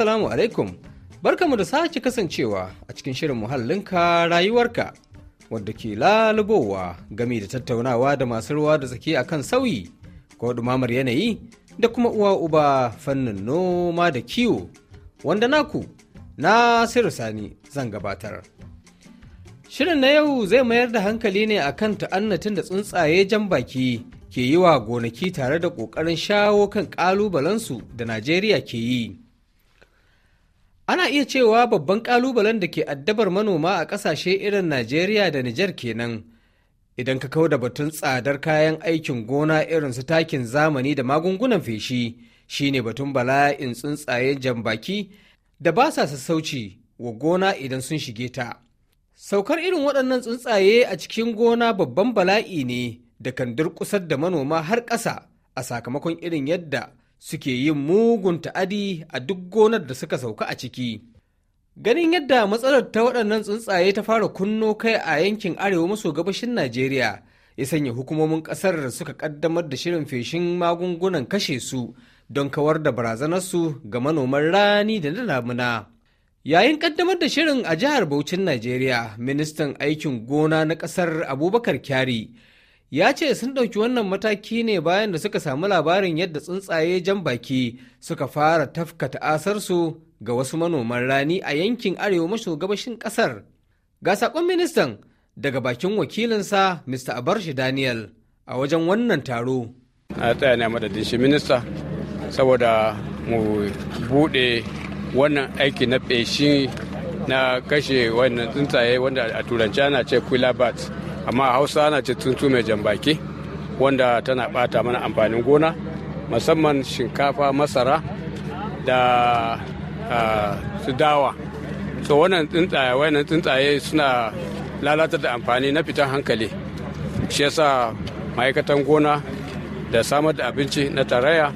Assalamu alaikum. Barkamu da sake kasancewa a cikin shirin muhallinka rayuwarka wadda ke lalubowa gami da tattaunawa da masu ruwa da tsaki a kan sauyi ko ɗumamar yanayi da kuma uwa uba fannin noma da kiwo wanda naku na Sani zan gabatar. Shirin na yau zai mayar da hankali ne a kan ta'annatin da tsuntsaye jan baki ke yi wa gonaki tare da ƙoƙarin shawo kan ƙalubalensu da Najeriya ke yi. Ana iya cewa babban ƙalubalen da ke addabar manoma a ƙasashe irin Najeriya da Nijar kenan. Idan ka kau da batun tsadar kayan aikin gona irin su takin zamani da magungunan feshi, shine batun bala'in jan baki da ba sa sassauci wa gona idan sun shige ta. Saukar irin waɗannan tsuntsaye a cikin gona babban bala'i ne da kan durƙusar da manoma har ƙasa a sakamakon irin yadda suke yin mugun ta'adi a duk gonar da suka sauka a ciki. Ganin yadda matsalar ta waɗannan tsuntsaye ta fara kunno kai a yankin arewa maso gabashin Najeriya ya sanya hukumomin ƙasar da suka ƙaddamar da shirin feshin magungunan kashe su don kawar da barazanar su ga manoman rani da na damuna. Yayin ƙaddamar da shirin a jihar Bauchin Najeriya, ministan aikin gona na ƙasar Abubakar Kyari ya ce sun ɗauki wannan mataki ne bayan da suka samu labarin yadda tsuntsaye jan baki suka fara tafka ta'asarsu ga wasu manoman rani a yankin arewa maso gabashin ƙasar ga saƙon ministan daga bakin wakilinsa mr abarshi daniel a wajen wannan taro a tsaya ne a madadin shi minista saboda mu buɗe wannan aiki na feshi na kashe wannan tsuntsaye wanda a turanci ana ce quilla amma a hausa ana ce tuntu mai jambaki wanda tana bata mana amfanin gona musamman shinkafa masara da ah, su dawa so wannan tsuntsaye wannan tsuntsaye suna lalatar da amfani na fitan hankali shi yasa ma'aikatan gona da samar da abinci na taraya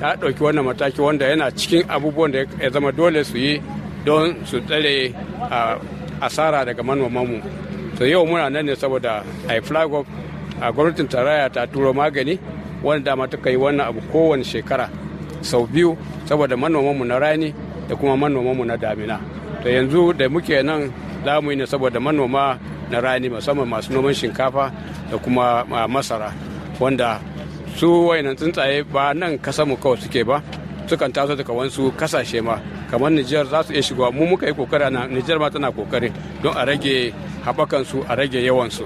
ta ɗauki wannan mataki wanda yana cikin abubuwan da ya zama dole su yi don su tsare ah, asara daga manomanmu to yau muna nan ne saboda a yi a gwamnatin tarayya ta turo magani wani dama ta yi wannan abu kowane shekara sau biyu saboda manomanmu na rani da kuma manomanmu na damina to yanzu da muke nan za mu yi ne saboda manoma na rani musamman masu noman shinkafa da kuma masara wanda su wayanan tsuntsaye ba nan kasa mu kawai suke ba sukan taso daga wasu kasashe ma kamar Nijar za su iya shigowa mu muka yi kokari na Nijar ma tana kokari don a rage haɓakansu a rage yawansu.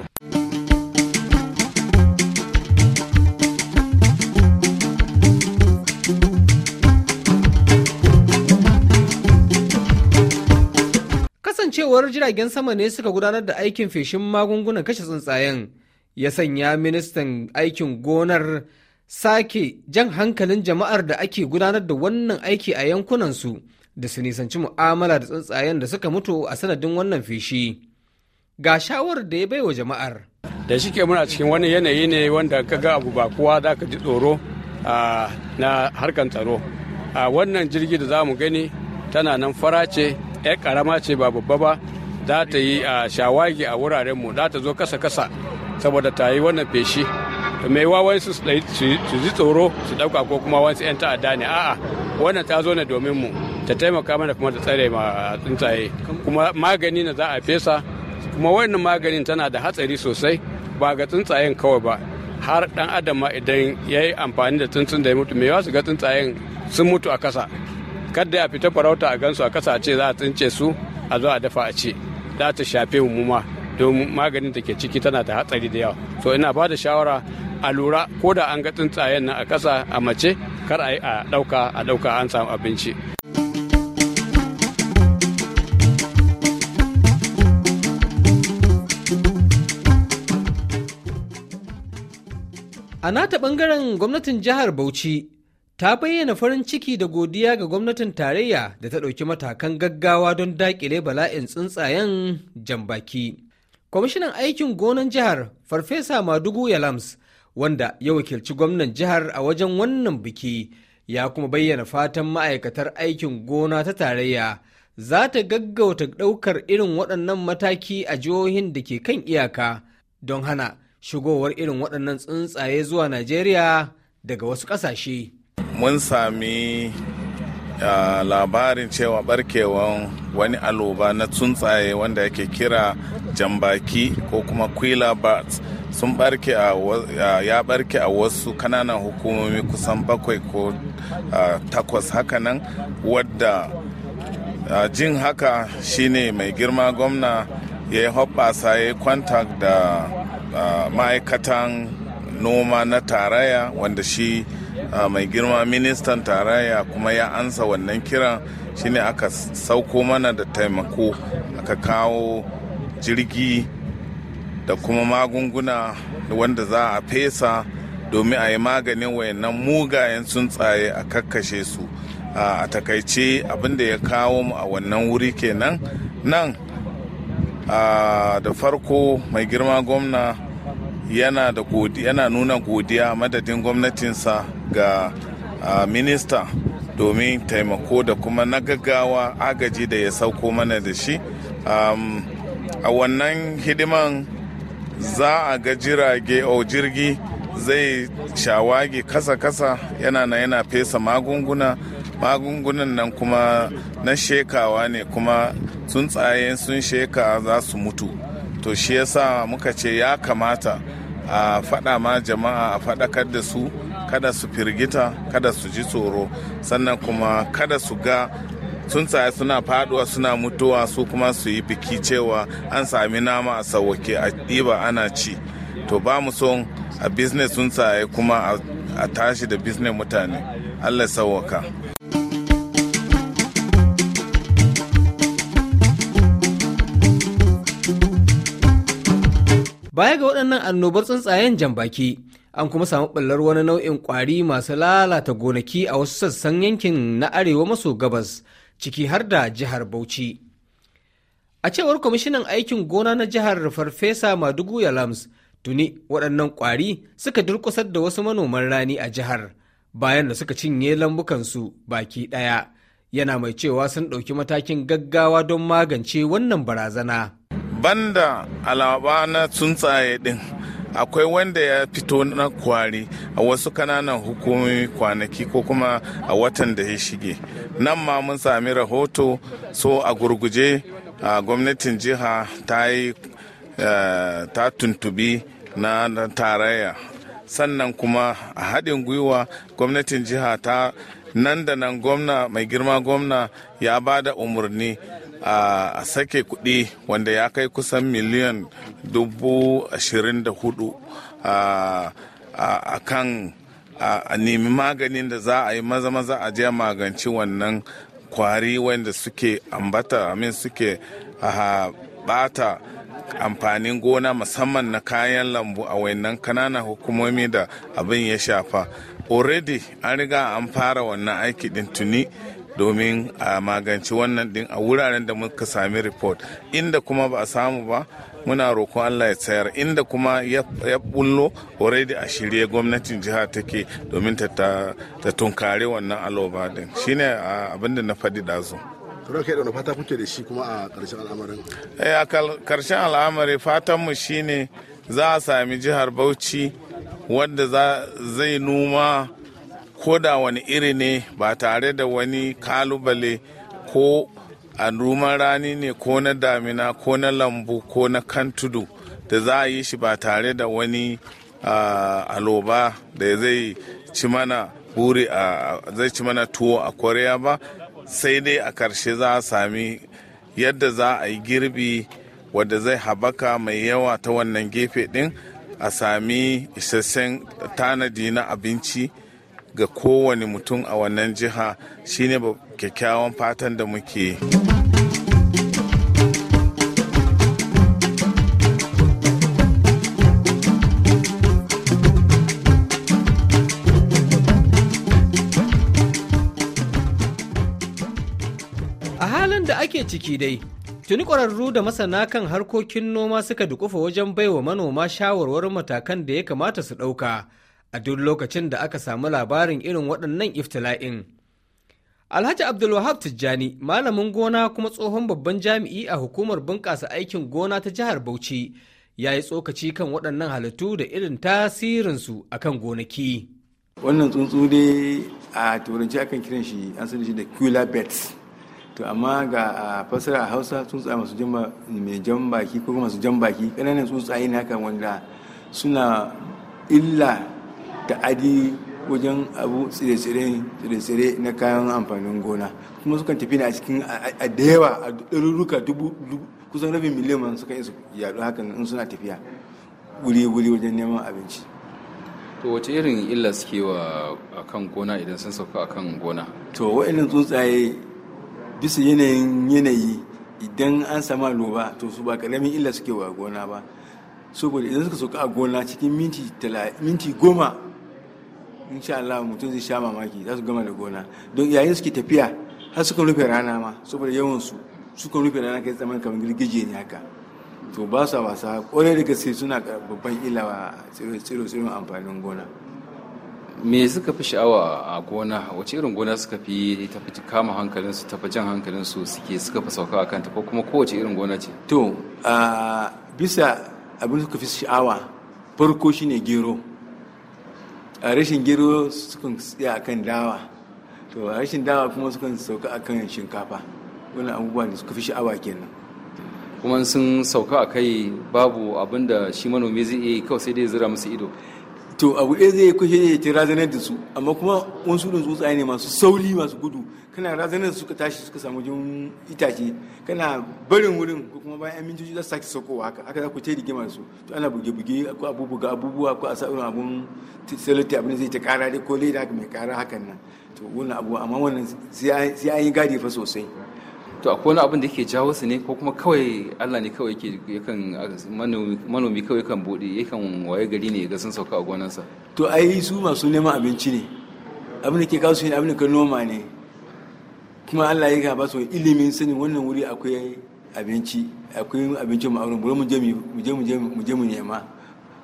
Kasancewar jiragen sama ne suka gudanar da aikin feshin magungunan kashe tsuntsayen ya sanya ministan aikin gonar sake jan hankalin jama'ar da ake gudanar da wannan aiki a yankunansu da su nisanci mu'amala da tsuntsayen da suka mutu a sanadin wannan feshi. ga shawar da ya baiwa jama'ar. Da ke muna cikin wani yanayi ne wanda ka ga abu ba kowa za ka ji tsoro na harkan tsaro. A wannan jirgi da za mu gani tana nan fara ce, 'yar karama ce ba babba ba, za ta yi a shawagi a wurarenmu, za ta zo kasa-kasa saboda ta yi wannan feshi. mai wa wani su ji tsoro su ɗauka ko kuma wani 'yan ta'adda ne a'a wannan ta zo ne domin mu ta taimaka mana kuma ta tsare ma tsuntsaye kuma magani na za a fesa kuma wannan maganin tana da hatsari sosai ba ga tsuntsayen kawai ba har dan adam ma idan ya yi amfani da tsuntsun da ya mutu mai su ga tsuntsayen sun mutu a kasa kada ya fita farauta a gansu a kasa ce za a tsince su a zo a dafa a ci za ta shafe mu ma don maganin da ke ciki tana da hatsari da yawa so ina ba da shawara a lura ko da an ga tsuntsayen nan a kasa a mace kar a yi a ɗauka a ɗauka an samu abinci A nata ɓangaren gwamnatin jihar Bauchi ta bayyana farin ciki da godiya ga gwamnatin tarayya da ta ɗauki matakan gaggawa don daƙile bala'in tsuntsayen jambaki. Kwamishinan aikin gonan jihar Farfesa Madugu Yalams wanda ya wakilci gwamnan jihar a wajen wannan biki ya kuma bayyana fatan ma'aikatar aikin gona ta tarayya za ta gaggauta ɗaukar irin waɗannan mataki a jihohin da ke kan iyaka don hana shigowar irin waɗannan tsuntsaye zuwa najeriya daga wasu ƙasashe mun sami labarin cewa barkewan wani aloba na tsuntsaye wanda yake kira jambaki ko kuma kwila bats sun barke a ya barke a wasu kananan hukumomi kusan bakwai ko takwas haka nan, wadda jin haka shine mai girma gwamna ya yi hoɓɓasa ya yi kwantak da ma'aikatan noma na taraya wanda shi mai girma ministan taraya kuma ya ansa wannan kiran shine aka sauko mana da taimako aka kawo jirgi da kuma magunguna wanda za a fesa domin a yi maganin wayannan mugayen tsuntsaye a kakkashe su a takaice abinda ya kawo mu a wannan wuri kenan nan da farko mai girma gwamna yana da yana nuna godiya madadin gwamnatinsa ga minista domin taimako da kuma na gaggawa agaji da ya sauko mana da shi a wannan hidiman za a ga jirage o jirgi zai shawagi kasa-kasa yana na yana fesa magunguna magungunan nan kuma na shekawa ne kuma tsuntsaye sun sheka za su mutu to shi yasa muka ce ya kamata a faɗa ma jama'a a faɗakar da su kada su firgita kada su ji tsoro sannan kuma kada su ga tsuntsaye suna faduwa suna mutuwa su kuma su yi biki cewa an sami nama a sauwake a ɗiba ana ci to ba mu son a business tsuntsaye kuma a tashi da business mutane allah sauwaka Baya ga waɗannan annobar tsuntsayen jambaki, an kuma samu ɓallar wani nau'in ƙwari masu lalata gonaki a wasu sassan yankin na arewa maso gabas, ciki har da jihar Bauchi. A cewar kwamishinan aikin gona na jihar Farfesa Madugu Yalams, tuni waɗannan ƙwari suka durkusar da wasu manoman rani a jihar, bayan da suka cinye lambukansu baki ɗaya. Yana mai cewa sun ɗauki matakin gaggawa don magance wannan barazana. banda alaba na tsuntsaye din akwai wanda ya fito na kwari a wasu kananan hukumomi kwanaki ko kuma a watan da ya shige nan ma mun sami rahoto so a gurguje a gwamnatin jiha ta yi eh, ta tuntubi na tarayya sannan kuma a haɗin gwiwa gwamnatin jiha ta nan da nan gwamna mai girma gwamna ya ba da umarni a sake kuɗi wanda ya kai kusan miliyan dubu ashirin da hudu a kan a nemi maganin da za a yi maza-maza a je maganci wannan kwari wanda suke ambata amin suke bata amfanin gona musamman na kayan lambu a wannan kanana hukumomi da abin ya shafa already an riga an fara wannan aiki din tuni domin a magance wannan din a wuraren da muka sami report inda kuma ba a samu ba muna roƙon Allah ya tsayar inda kuma ya bullo already a shirye gwamnatin jiha take domin ta tunkare wannan aloba din shine abinda na faɗi ɗazu. kai da fata kuke da shi kuma a ƙarshen al'amarin eh a ƙarshen al'amari fatanmu shine za a sami jihar bauchi wadda zai numa ko da wani iri ne ba tare da wani kalubale ko a ruman rani ne ko na damina ko na lambu ko na kan tudu da za a yi shi ba tare da wani aloba da zai ci mana buri a zai ci mana tuwo a koriya ba sai dai a karshe za a sami yadda za a yi girbi wadda zai habaka mai yawa ta wannan gefe din a sami isasshen tanadi na abinci ga kowane mutum a wannan jiha shine kyakkyawan fatan da muke a halin da ake ciki dai tuni ƙwararru da masana kan harkokin noma suka dukufa wajen baiwa manoma shawarwar matakan da ya kamata su ɗauka a duk lokacin da aka samu labarin irin waɗannan iftila'in. Alhaji Abdulwahab Tijjani malamin gona kuma tsohon babban jami'i a hukumar bunƙasa aikin gona ta jihar Bauchi ya yi tsokaci kan waɗannan halittu da irin tasirinsu a kan gonaki. Wannan tsuntsu dai a turanci akan kiran shi an sani shi da Bets. to amma ga a fasara a hausa tsuntsaye masu mai jan baki ko masu jan baki ƙananan tsuntsaye ne haka wanda suna illa adi wajen abu tsire-tsire na kayan amfanin gona kuma sukan tafi ne a cikin a da yawa a ɗaruruka dubu kusan rabin miliyan man suka yi su yaɗu hakan in suna tafiya wuri-wuri wajen neman abinci to wace irin illa suke wa kan gona idan sun sauka a kan gona to wa'annan tsuntsaye bisa yanayin yanayi idan an sama loba to su ba karamin illa suke wa gona ba saboda idan suka sauka a gona cikin minti goma insha Allah mutum zai sha mamaki za su gama da gona don yayin suke tafiya har suka rufe rana ma saboda yawan su suka rufe rana kai tsaman kamar girgije ne haka to ba sa wasa kwarai da gaske suna babban ilawa wa tsiro tsiron amfanin gona me suka fi sha'awa a gona wace irin gona suka fi fi kama hankalin su fi jan hankalin su suke suka fi sauka a kanta ko kuma kowace irin gona ce to bisa abin suka fi sha'awa farko shine gero a rashin gero sukan a akan dawa to a rashin dawa kuma sukan sauka akan shinkafa wani abubuwa da suka fi sha'awa kenan kuma sun sauka a kai babu abin da shi manomi zai iya kawai sai dai zira musu ido to abu ɗaya zai kushe ne ya tira da su amma kuma wasu ɗin tsutsaye ne masu sauri masu gudu kana razanar da suka tashi suka samu jin itace kana barin wurin ko kuma bayan yan mintoci za su sake saukowa haka haka za ku ta rigimar su to ana buge-buge ko abubuwa abubuwa ko a sa'urin abun salati abin zai ta kara dai ko leda mai kara hakan nan to wannan abu amma wannan sai an yi gadi fa sosai to akwai wani abin da yake jawo su ne ko kuma kawai Allah ne kawai yake yakan manomi kawai kan bude yakan waye gari ne ga sun sauka a gonansa to ai su masu neman abinci ne abin da ke kawo su ne abin da ka noma ne kuma Allah ya ba su ilimin sanin wannan wuri akwai abinci akwai abinci mu auren bari mu je mu je mu je mu nema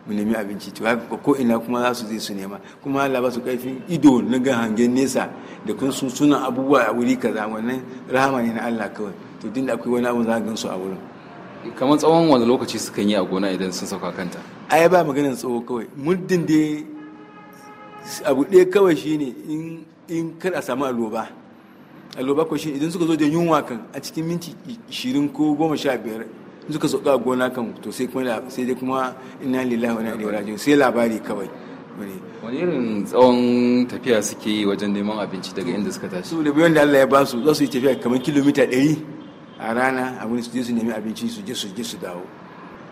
mu nemi abinci to ko ina kuma za su je su nema kuma Allah ba su kaifin ido na ga hangen nesa da kun sun suna abubuwa a wuri kaza wannan rahama ne na Allah kawai to din da akwai wani abu za ka gansu a wurin kamar tsawon wani lokaci kan yi a gona idan sun sauka kanta ai ba maganar tsawo kawai muddin dai abu ɗaya kawai shine in in kar a samu aloba kallo ko shi idan suka zo da yunwa kan a cikin minti 20 ko 15 suka sauka a gona kan to sai kuma sai dai kuma inna lillahi wa inna ilaihi raji'un sai labari kawai wani irin tsawon tafiya suke yi wajen neman abinci daga inda suka tashi da biyan da Allah ya ba su za su yi tafiya kamar kilomita 100 a rana a wani su je su nemi abinci su je su je su dawo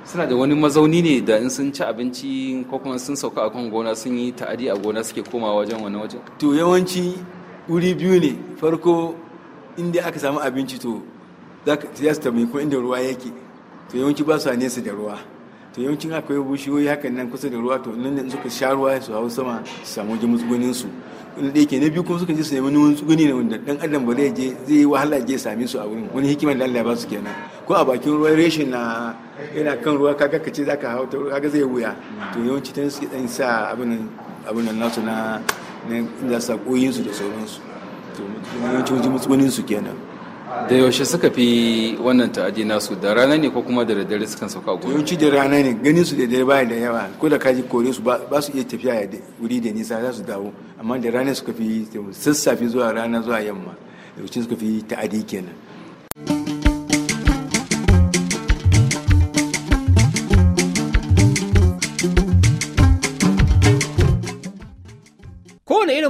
suna da wani mazauni ne da in sun ci abinci ko kuma sun sauka a kan gona sun yi ta'adi a gona suke komawa wajen wani wajen to yawanci wuri biyu ne farko inda aka samu abinci to za su tambayi kuma inda ruwa yake to yawanci ba su nesa da ruwa to yawancin akwai bushiyoyi hakan nan kusa da ruwa to nan ne suka sha ruwa su hau sama su samu wajen matsugunin su wanda da yake na biyu kuma suka je su nemi wani matsuguni ne wanda dan adam ba zai je zai yi wahala je same su a wurin wani hikimar da Allah ya ba su kenan ko a bakin ruwa reshen na yana kan ruwa kaga kace zaka hau ta kaga zai wuya to yawanci tan suke dan sa abin abin nan nasu na ne na sakoyinsu da sauransu to yawancin wajen su kenan da yaushe suka fi wannan ta'adi nasu da rana ne ko kuma da daddare sukan sauka a yawanci da rana ne ganin su da dare baya da yawa ko da kaji kore su ba su iya tafiya wuri da nisa za su dawo amma da rana suka fi sassafe zuwa rana zuwa yamma yawancin suka fi ta'adi kenan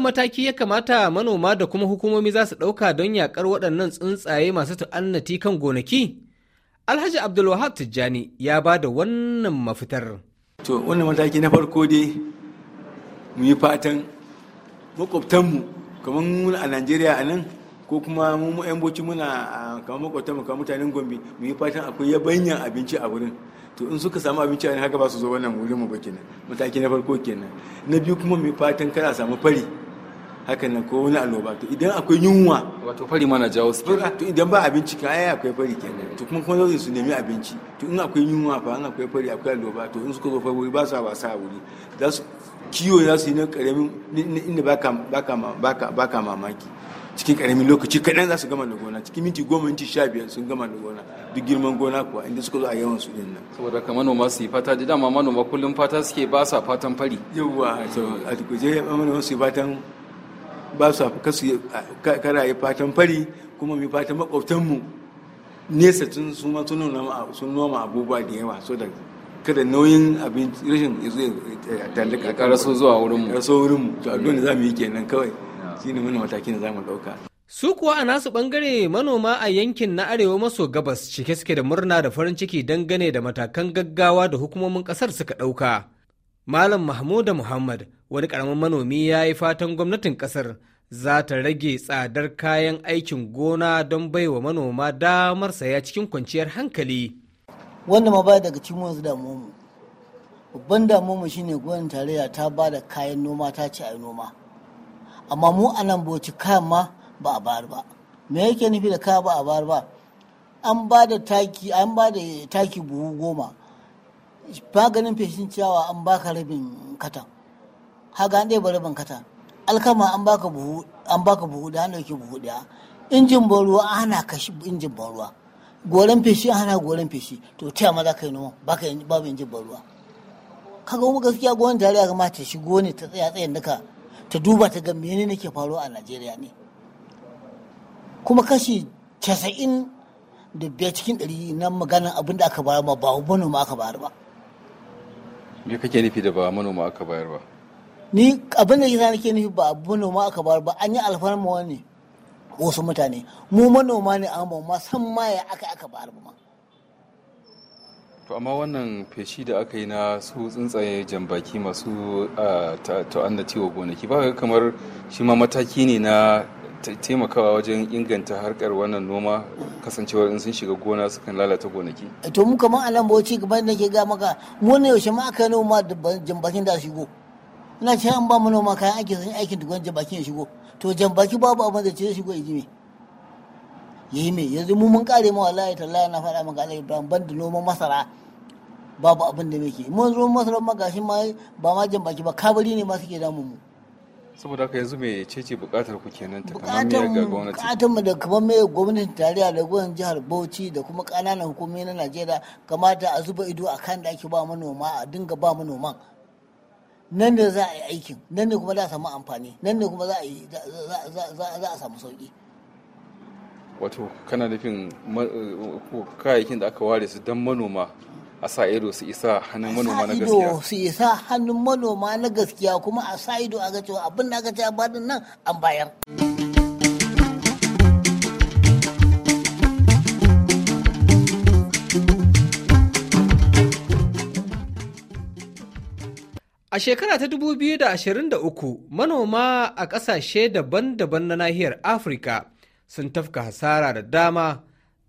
mataki ya kamata manoma da kuma hukumomi za su ɗauka don yaƙar waɗannan tsuntsaye masu ta'annati kan gonaki? Alhaji Abdulwahab Tijjani ya ba da wannan mafitar. To, wannan mataki na farko dai mu yi fatan makwabtanmu kamar muna a Najeriya a nan ko kuma mu yan boci muna kamar makwabtanmu kamar mutanen Gombe mu yi fatan akwai yabanyan abinci a wurin. to in suka samu abinci a haka ba su zo wannan wurin mu ba kenan mataki na farko kenan na biyu kuma mu yi fatan kada samu fari hakan nan ko wani annoba to idan akwai yunwa wato fari mana jawo su to idan ba abinci ka ai akwai fari kenan to kuma kuma zai su nemi abinci to in akwai yunwa fa in akwai fari akwai annoba to in suka zo fa wuri ba sa ba sa wuri za su kiyo za su yi na karamin inda baka baka baka baka mamaki cikin karamin lokaci kaɗan za su gama da gona cikin minti goma minti sha biyar sun gama da gona duk girman gona kuwa inda suka zo a yawan su din nan saboda ka manoma su yi fata da dama manoma kullum fata suke ba sa fatan fari yawwa to a tukuje manoma su yi fatan ba su kasu kara yi fatan fari kuma mai fatan makwabtanmu nesa tun su ma sun noma abubuwa da yawa so da kada nauyin abin rashin ya zai tallaka karaso zuwa wurinmu karaso wurinmu to a da za mu yi kenan kawai ne wani matakin da za mu ɗauka Su kuwa a nasu bangare manoma a yankin na arewa maso gabas cike suke da murna da farin ciki dangane da matakan gaggawa da hukumomin kasar suka ɗauka. Malam Mahmuda Muhammad wani karamin manomi ya yi fatan gwamnatin kasar za ta rage tsadar kayan aikin gona don baiwa manoma damar saya cikin kwanciyar hankali. wanda ma baya daga cikin wanzu damuwanmu. Babban damuwa shine gwamnatin tarayya ta ba da kayan noma ta ce a yi noma. Amma mu a nan boci kayan ma ba a bayar ba. Me yake nufi da kaya ba a bayar ba? An ba da taki, an ba da taki buhu goma. Maganin feshin ciyawa an baka rabin katan. haga an dai bari bankata alkama an baka buhu an baka buhu da an dauki buhu daya injin ban ruwa ana kashi injin ban ruwa goran feshi ana goran feshi to ta ma za ka yi noma baka babu injin ban ruwa kaga kuma gaskiya gwamnati jariya ga ta shigo ne ta tsaya tsayin duka ta duba ta ga menene ke faruwa a Najeriya ne kuma kashi casa'in da biyar cikin ɗari na maganar abin da aka bayar ba ba manoma aka bayar ba me kake nufi da ba manoma aka bayar ba ni abin da yasa nake nufi ba abu noma aka bar ba an yi alfarma wani wasu mutane mu manoma ne an ba ma san ma ya aka aka bar ba to amma wannan feshi da aka yi na su tsuntsaye jambaki masu da wa gonaki ba kamar shi ma mataki ne na taimakawa wajen inganta harkar wannan noma kasancewar in sun shiga gona sukan lalata gonaki to mu kamar anan ci gaba da ke ga maka mu ne yaushe ma aka noma da jambakin da shigo ina ce an ba manoma kayan aiki sun aikin tukun jan ya shigo to jan baki babu abin da ce ya shigo ya ji me ya yi me yanzu mu mun kare ma wallahi tallahi na faɗa maka alai ibrahim ban da noman masara babu abin da muke mun zo masara ma gashi ma ba ma jan baki ba kabari ne ma suke damun mu saboda haka yanzu me ce ce bukatar ku kenan ta kamar ga gwamnati bukatar mu da kamar me gwamnatin tarayya da gwamnatin jihar Bauchi da kuma kananan hukumomi na Najeriya kamata a zuba ido akan da ake ba manoma a dinga ba manoman nan ne za a yi aikin nan ne kuma za a samu amfani nan ne kuma za a samu sauki wato kana nufin eh, kayayyakin da aka ware su don manoma a sa ido su isa hannun manoma na gaskiya su isa hannun manoma na gaskiya kuma a sa ido a ga cewa abin da aka ce a nan an bayar. A shekara ta 2023 manoma a ƙasashe daban-daban na nahiyar Afirka sun tafka hasara da dama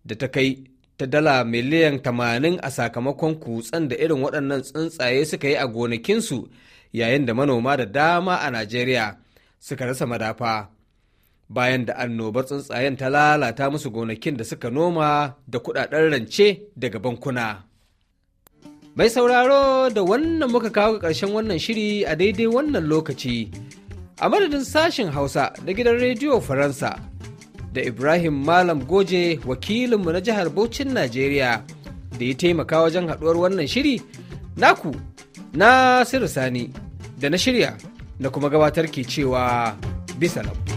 da ta kai ta dala miliyan 80 a sakamakon kutsen da irin waɗannan tsuntsaye suka yi a gonakinsu yayin da manoma da dama a Najeriya suka rasa madafa. Bayan da annobar tsuntsayen ta lalata musu gonakin da suka noma da kuɗaɗen rance daga bankuna. Mai sauraro da wannan muka kawo ga ƙarshen wannan shiri a daidai wannan lokaci. A madadin sashen Hausa da gidan Rediyo Faransa da Ibrahim Malam Goje wakilinmu na jihar Bauchin Najeriya da ya taimaka wajen haɗuwar wannan shiri, naku na Sani da na shirya da kuma gabatar ke cewa bisa lau.